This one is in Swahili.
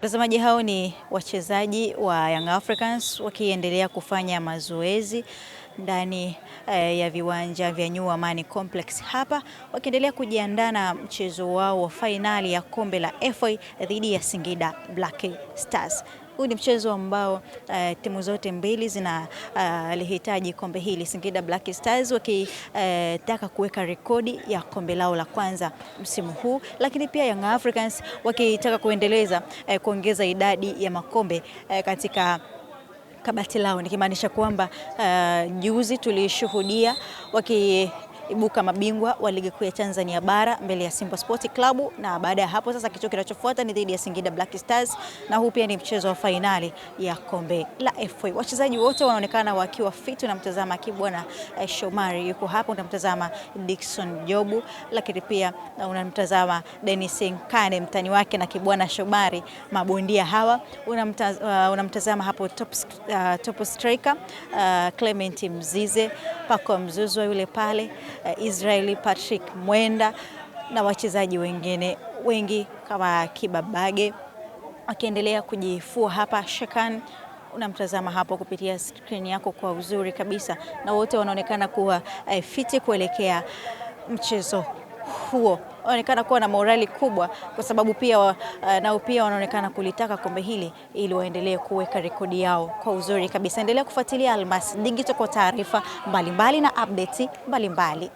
mtazamaji hao ni wachezaji wa Young Africans wakiendelea kufanya mazoezi ndani eh, ya viwanja vya New Amani Complex hapa wakiendelea kujiandaa na mchezo wao wa fainali ya kombe la FA dhidi ya Singida Black Stars huu ni mchezo ambao uh, timu zote mbili zina uh, lihitaji kombe hili. Singida Black Stars wakitaka eh, uh, kuweka rekodi ya kombe lao la kwanza msimu huu, lakini pia Young Africans wakitaka kuendeleza uh, kuongeza idadi ya makombe uh, katika kabati lao, nikimaanisha kwamba uh, juzi tulishuhudia waki ibuka mabingwa wa ligi kuu ya Tanzania bara mbele ya Simba Sports Club, na baada ya hapo sasa kitu kinachofuata ni dhidi ya Singida Black Stars, na huu pia ni mchezo wa fainali ya kombe la FA. Wachezaji wote wanaonekana wakiwa fit. Unamtazama kibwana eh, Shomari yuko hapo, unamtazama Dickson Jobu, lakini pia eh, unamtazama Dennis Nkane mtani wake na kibwana Shomari, mabondia hawa eh, unamtazama, una hapo top, uh, top striker uh, Clement Mzize, Pako Mzuzwa yule pale uh, Israeli Patrick Mwenda na wachezaji wengine wengi kama kibabage wakiendelea kujifua hapa. Shekan unamtazama hapo kupitia skrini yako kwa uzuri kabisa, na wote wanaonekana kuwa uh, fiti kuelekea mchezo huo wanaonekana kuwa na morali kubwa, kwa sababu pia uh, nao pia wanaonekana kulitaka kombe hili ili waendelee kuweka rekodi yao kwa uzuri kabisa. Endelea kufuatilia Almas Digital kwa taarifa mbalimbali na update mbalimbali.